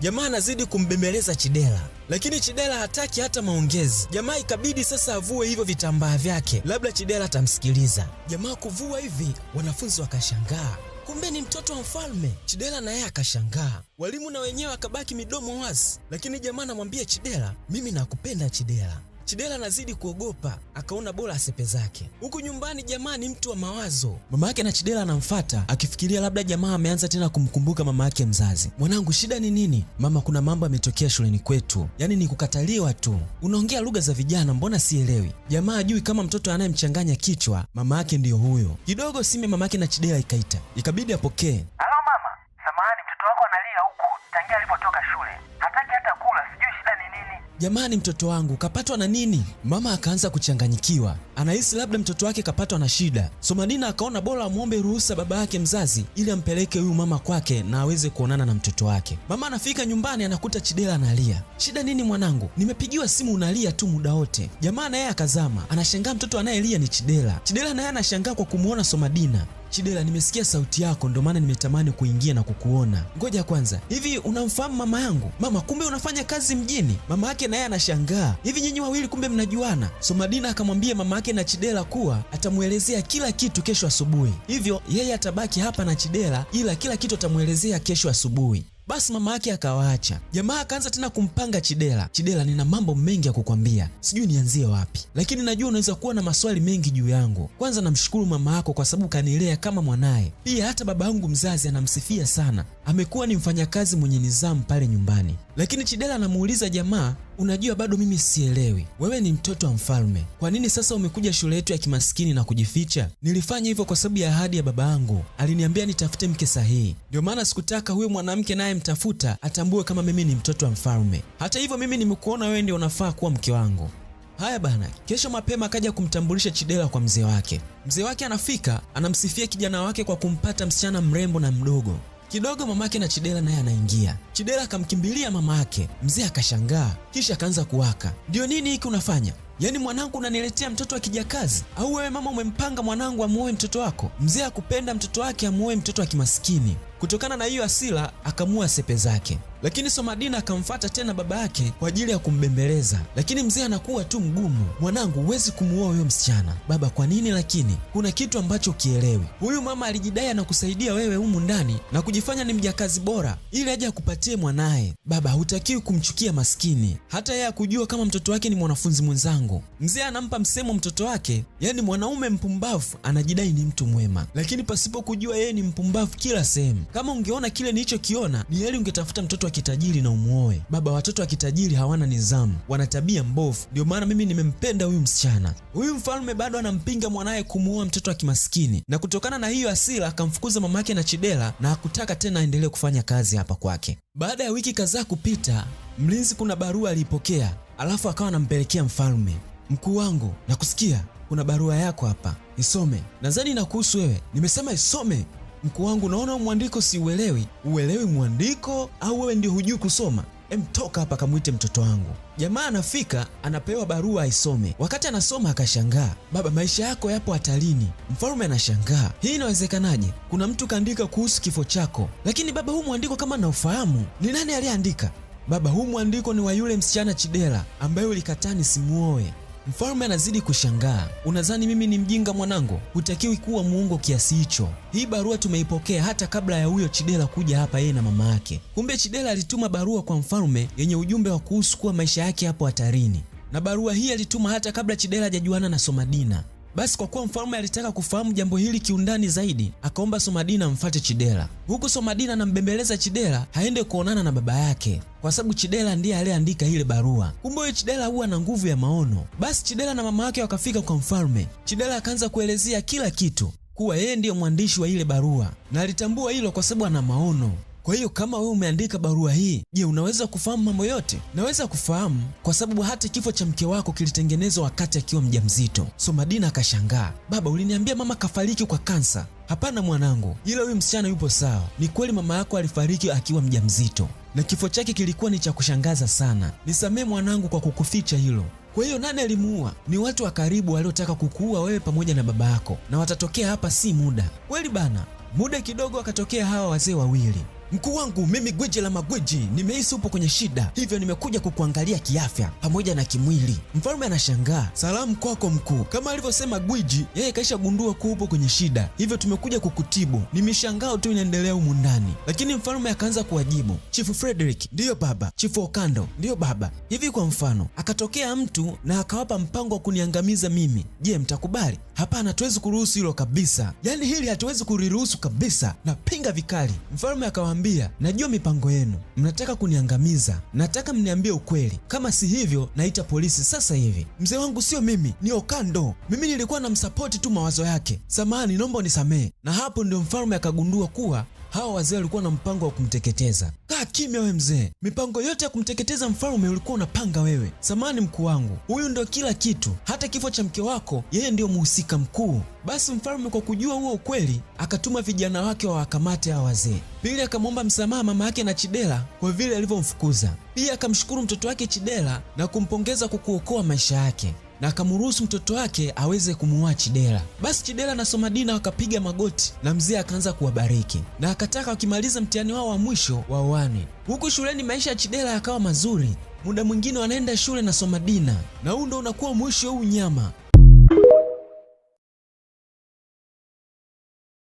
Jamaa anazidi kumbembeleza Chidela, lakini Chidela hataki hata maongezi. Jamaa ikabidi sasa avue hivyo vitambaa vyake, labda Chidela atamsikiliza. Jamaa kuvua hivi, wanafunzi wakashangaa kumbe ni mtoto wa mfalme. Chidela naye akashangaa, walimu na wenyewe akabaki midomo wazi, lakini jamaa anamwambia Chidela, mimi nakupenda Chidela. Chidela anazidi kuogopa, akaona bora asepe zake. Huku nyumbani jamaa ni mtu wa mawazo. Mama yake na Chidela anamfata akifikiria labda jamaa ameanza tena kumkumbuka mama yake mzazi. Mwanangu, shida ni nini? Mama, kuna mambo yametokea shuleni kwetu, yaani ni kukataliwa tu. Unaongea lugha za vijana, mbona sielewi? Jamaa ajui kama mtoto anayemchanganya kichwa mama yake ndiyo huyo. Kidogo sime mama yake na Chidela ikaita, ikabidi apokee. Halo mama, samahani, mtoto wako analia huku tangia alipotoka shule jamani, mtoto wangu kapatwa na nini? Mama akaanza kuchanganyikiwa, anahisi labda mtoto wake kapatwa na shida. Somadina akaona bora amwombe ruhusa baba yake mzazi ili ampeleke huyu mama kwake na aweze kuonana na mtoto wake. Mama anafika nyumbani, anakuta Chidela analia. Shida nini mwanangu? Nimepigiwa simu unalia tu muda wote. Jamaa naye akazama, anashangaa mtoto anayelia ni Chidela. Chidela naye anashangaa kwa kumwona Somadina Chidela, nimesikia sauti yako, ndo maana nimetamani kuingia na kukuona. Ngoja kwanza, hivi unamfahamu mama yangu? Mama, kumbe unafanya kazi mjini? Mama yake naye anashangaa, hivi nyinyi wawili kumbe mnajuana? So Madina akamwambia mama yake na Chidela kuwa atamwelezea kila kitu kesho asubuhi, hivyo yeye atabaki hapa na Chidela, ila kila kitu atamwelezea kesho asubuhi. Basi mama yake akawaacha. Jamaa akaanza tena kumpanga Chidela. Chidela, nina mambo mengi ya kukwambia, sijui nianzie wapi, lakini najua unaweza kuwa na maswali mengi juu yangu. Kwanza namshukuru mama yako kwa sababu kanilea kama mwanaye, pia hata baba yangu mzazi anamsifia sana, amekuwa ni mfanyakazi mwenye nidhamu pale nyumbani. Lakini Chidela anamuuliza jamaa, unajua bado mimi sielewi, wewe ni mtoto wa mfalme, kwa nini sasa umekuja shule yetu ya kimaskini na kujificha? Nilifanya hivyo kwa sababu ya ahadi ya baba yangu, aliniambia nitafute mke sahihi, ndio maana sikutaka huyo mwanamke naye anayemtafuta atambue kama mimi ni mtoto wa mfalme. Hata hivyo, mimi nimekuona wewe ndio unafaa kuwa mke wangu. Haya bana. Kesho mapema akaja kumtambulisha Chidela kwa mzee wake. Mzee wake anafika, anamsifia kijana wake kwa kumpata msichana mrembo na mdogo kidogo. Mamake na Chidela naye anaingia. Chidela akamkimbilia mamake, mzee akashangaa, kisha akaanza kuwaka. Ndio nini hiki unafanya? Yaani mwanangu unaniletea mtoto wa kijakazi? Au wewe mama umempanga mwanangu amuoe mtoto wako? Mzee akupenda mtoto wake amuoe mtoto wa kimaskini? Kutokana na hiyo hasira akamua sepe zake, lakini Somadina akamfata tena baba yake kwa ajili ya kumbembeleza, lakini mzee anakuwa tu mgumu. Mwanangu, huwezi kumuoa huyo msichana. Baba, kwa nini? Lakini kuna kitu ambacho kielewi. Huyu mama alijidai anakusaidia wewe humu ndani na kujifanya ni mjakazi bora ili aje akupatie mwanaye. Baba, hutakiwi kumchukia maskini, hata yeye akujua kama mtoto wake ni mwanafunzi mwenzangu. Mzee anampa msemo mtoto wake, yaani mwanaume mpumbavu anajidai ni mtu mwema, lakini pasipo kujua yeye ni mpumbavu kila sehemu. Kama ungeona kile nilichokiona, ni heri ungetafuta mtoto wa kitajiri na umuoe. Baba, watoto wa kitajiri hawana nidhamu, wana tabia mbovu. Ndio maana mimi nimempenda huyu msichana. Huyu mfalme bado anampinga mwanaye kumuoa mtoto wa kimaskini, na kutokana na hiyo hasira akamfukuza mamake na Chidela na hakutaka tena aendelee kufanya kazi hapa kwake. Baada ya wiki kadhaa kupita, mlinzi kuna barua aliipokea, alafu akawa anampelekea mfalme. Mkuu wangu, nakusikia kuna barua yako hapa, isome. Nadhani inakuhusu wewe. Nimesema isome. Mkuu wangu, naona mwandiko siuelewi. Uelewi mwandiko au wewe ndio hujui kusoma? Emtoka hapa, kamwite mtoto wangu. Jamaa anafika anapewa barua aisome. Wakati anasoma akashangaa, baba, maisha yako yapo hatarini. mfalume anashangaa, hii inawezekanaje? Kuna mtu kaandika kuhusu kifo chako. Lakini baba, huu mwandiko kama naufahamu, ni nani aliyeandika? Baba, huu mwandiko ni wa yule msichana chidela ambaye ulikataa nisimuoe. Mfalme anazidi kushangaa, unadhani mimi ni mjinga mwanangu? Hutakiwi kuwa muongo kiasi hicho. Hii barua tumeipokea hata kabla ya huyo Chidela kuja hapa, yeye na mama yake. Kumbe Chidela alituma barua kwa mfalme yenye ujumbe wa kuhusu kuwa maisha yake hapo hatarini, na barua hii alituma hata kabla Chidela hajajuana na Somadina. Basi kwa kuwa mfalme alitaka kufahamu jambo hili kiundani zaidi, akaomba Somadina amfuate Chidera, huku Somadina anambembeleza Chidera haende kuonana na baba yake kwa sababu Chidela ndiye aliyeandika ile barua. Kumbe huyo Chidela huwa na nguvu ya maono. Basi Chidela na mama yake wakafika kwa mfalme. Chidela akaanza kuelezea kila kitu kuwa yeye ndiyo mwandishi wa ile barua na alitambua hilo kwa sababu ana maono. Kwa hiyo kama wewe umeandika barua hii, je, unaweza kufahamu mambo yote? Naweza kufahamu kwa sababu hata kifo cha mke wako kilitengenezwa wakati akiwa mjamzito. So Madina akashangaa, baba, uliniambia mama kafariki kwa kansa. Hapana mwanangu, ila huyu msichana yupo sawa. Ni kweli mama yako alifariki akiwa mjamzito na kifo chake kilikuwa ni cha kushangaza sana. Nisamee mwanangu kwa kukuficha hilo. Kwa hiyo nani alimuua? Ni watu wa karibu waliotaka kukuua wewe pamoja na baba yako, na watatokea hapa si muda. Kweli bana, muda kidogo, wakatokea hawa wazee wawili. Mkuu wangu, mimi gwiji la magwiji, nimehisi upo kwenye shida, hivyo nimekuja kukuangalia kiafya pamoja na kimwili. Mfalme anashangaa. Salamu kwako mkuu. Kama alivyosema gwiji, yeye kaishagundua kuwa upo kwenye shida, hivyo tumekuja kukutibu. Nimeshangaa tu inaendelea humu ndani. Lakini mfalme akaanza kuwajibu, Chifu Frederick, ndiyo baba. Chifu Okando, ndiyo baba. Hivi kwa mfano akatokea mtu na akawapa mpango wa kuniangamiza mimi, je, mtakubali? Hapana, hatuwezi kuruhusu hilo kabisa. Yaani hili hatuwezi kuliruhusu kabisa, napinga vikali. Mfalme akawa kuambia, najua mipango yenu, mnataka kuniangamiza. Nataka mniambie ukweli, kama si hivyo naita polisi sasa hivi. Mzee wangu sio mimi, ni Okando. Mimi nilikuwa namsapoti tu mawazo yake. Samahani, naomba unisamehe. Na hapo ndio mfalme akagundua kuwa hawa wazee walikuwa na mpango wa kumteketeza. Kaa kimya we mzee, mipango yote ya kumteketeza mfalme ulikuwa unapanga wewe. Samani mkuu wangu, huyu ndio kila kitu, hata kifo cha mke wako yeye ndiyo muhusika mkuu. Basi mfalme kwa kujua huo ukweli akatuma vijana wake wawakamate hawa wazee. Pili akamwomba msamaha mama yake na Chidela kwa vile alivyomfukuza. Pia akamshukuru mtoto wake Chidela na kumpongeza kwa kuokoa maisha yake na akamruhusu mtoto wake aweze kumuoa Chidela. Basi Chidela na Somadina wakapiga magoti na mzee akaanza kuwabariki na akataka wakimaliza mtihani wao wa mwisho waoane. Huku shuleni maisha ya Chidela yakawa mazuri, muda mwingine wanaenda shule na Somadina, na huu ndo unakuwa mwisho wa unyama.